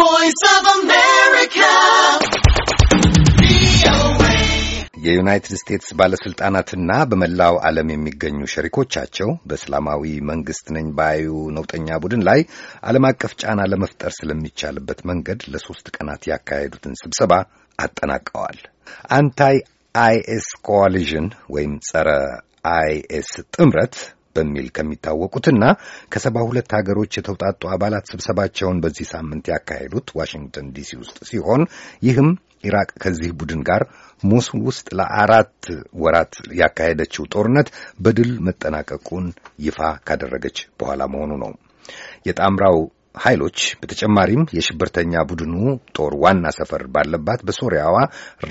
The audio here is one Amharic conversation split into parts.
voice of America. የዩናይትድ ስቴትስ ባለስልጣናትና በመላው ዓለም የሚገኙ ሸሪኮቻቸው በእስላማዊ መንግስት ነኝ ባዩ ነውጠኛ ቡድን ላይ ዓለም አቀፍ ጫና ለመፍጠር ስለሚቻልበት መንገድ ለሶስት ቀናት ያካሄዱትን ስብሰባ አጠናቀዋል። አንታይ አይኤስ ኮዋሊዥን ወይም ጸረ አይኤስ ጥምረት በሚል ከሚታወቁትና ከሰባ ሁለት ሀገሮች የተውጣጡ አባላት ስብሰባቸውን በዚህ ሳምንት ያካሄዱት ዋሽንግተን ዲሲ ውስጥ ሲሆን ይህም ኢራቅ ከዚህ ቡድን ጋር ሞሱል ውስጥ ለአራት ወራት ያካሄደችው ጦርነት በድል መጠናቀቁን ይፋ ካደረገች በኋላ መሆኑ ነው። የጣምራው ኃይሎች በተጨማሪም የሽብርተኛ ቡድኑ ጦር ዋና ሰፈር ባለባት በሶሪያዋ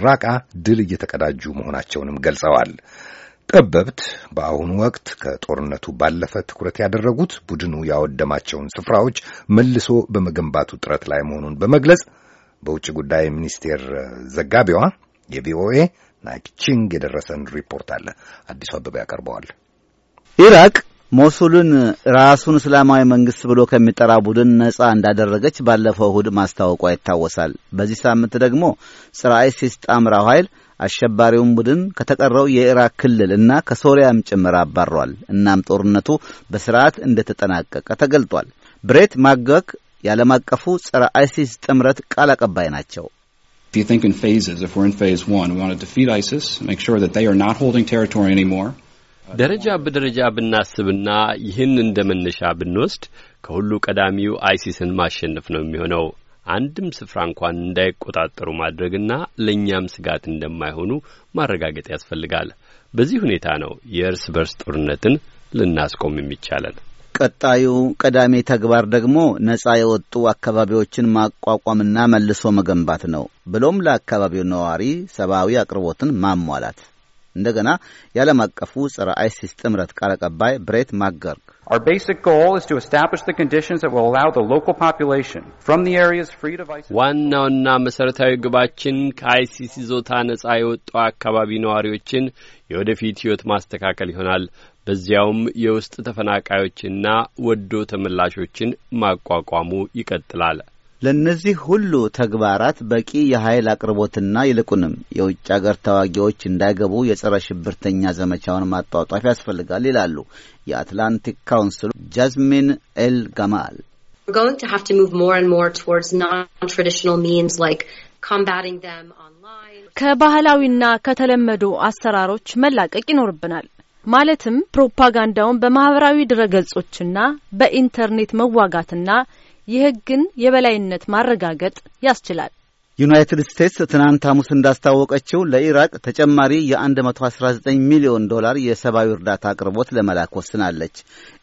ራቃ ድል እየተቀዳጁ መሆናቸውንም ገልጸዋል። ጠበብት በአሁኑ ወቅት ከጦርነቱ ባለፈ ትኩረት ያደረጉት ቡድኑ ያወደማቸውን ስፍራዎች መልሶ በመገንባቱ ጥረት ላይ መሆኑን በመግለጽ በውጭ ጉዳይ ሚኒስቴር ዘጋቢዋ የቪኦኤ ናይክቺንግ የደረሰን ሪፖርት አለ። አዲሱ አበበ ያቀርበዋል። ኢራቅ ሞሱልን ራሱን እስላማዊ መንግስት ብሎ ከሚጠራ ቡድን ነጻ እንዳደረገች ባለፈው እሁድ ማስታወቋ ይታወሳል። በዚህ ሳምንት ደግሞ ፀረ አይሲስ ጣምራው ኃይል አሸባሪውን ቡድን ከተቀረው የኢራቅ ክልል እና ከሶሪያም ጭምር አባሯል። እናም ጦርነቱ በስርዓት እንደተጠናቀቀ ተገልጧል። ብሬት ማገክ የዓለም አቀፉ ጸረ አይሲስ ጥምረት ቃል አቀባይ ናቸው። ደረጃ በደረጃ ብናስብና ይህን እንደ መነሻ ብንወስድ ከሁሉ ቀዳሚው አይሲስን ማሸነፍ ነው የሚሆነው። አንድም ስፍራ እንኳን እንዳይቆጣጠሩ ማድረግና ለእኛም ስጋት እንደማይሆኑ ማረጋገጥ ያስፈልጋል። በዚህ ሁኔታ ነው የእርስ በርስ ጦርነትን ልናስቆም የሚቻለን። ቀጣዩ ቀዳሚ ተግባር ደግሞ ነጻ የወጡ አካባቢዎችን ማቋቋምና መልሶ መገንባት ነው። ብሎም ለአካባቢው ነዋሪ ሰብአዊ አቅርቦትን ማሟላት። እንደገና የዓለም አቀፉ ጸረ አይሲስ ጥምረት ቃል አቀባይ ብሬት ማክገርግ Our basic goal is to establish the conditions that will allow the local population from the areas free of ISIS. ዋናውና መሰረታዊ ግባችን ከአይሲስ ይዞታ ነጻ የወጡ አካባቢ ነዋሪዎችን የወደፊት ህይወት ማስተካከል ይሆናል። በዚያውም የውስጥ ተፈናቃዮችና ወዶ ተመላሾችን ማቋቋሙ ይቀጥላል። ለእነዚህ ሁሉ ተግባራት በቂ የኃይል አቅርቦትና ይልቁንም የውጭ አገር ተዋጊዎች እንዳይገቡ የጸረ ሽብርተኛ ዘመቻውን ማጧጧፍ ያስፈልጋል ይላሉ የአትላንቲክ ካውንስሉ ጃዝሚን ኤል ጋማል። ከባህላዊና ከተለመዱ አሰራሮች መላቀቅ ይኖርብናል። ማለትም ፕሮፓጋንዳውን በማህበራዊ ድረገጾችና በኢንተርኔት መዋጋትና የሕግን የበላይነት ማረጋገጥ ያስችላል። ዩናይትድ ስቴትስ ትናንት ሐሙስ እንዳስታወቀችው ለኢራቅ ተጨማሪ የ119 ሚሊዮን ዶላር የሰብአዊ እርዳታ አቅርቦት ለመላክ ወስናለች።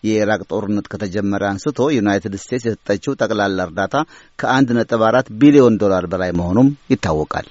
የኢራቅ ጦርነት ከተጀመረ አንስቶ ዩናይትድ ስቴትስ የሰጠችው ጠቅላላ እርዳታ ከ1.4 ቢሊዮን ዶላር በላይ መሆኑም ይታወቃል።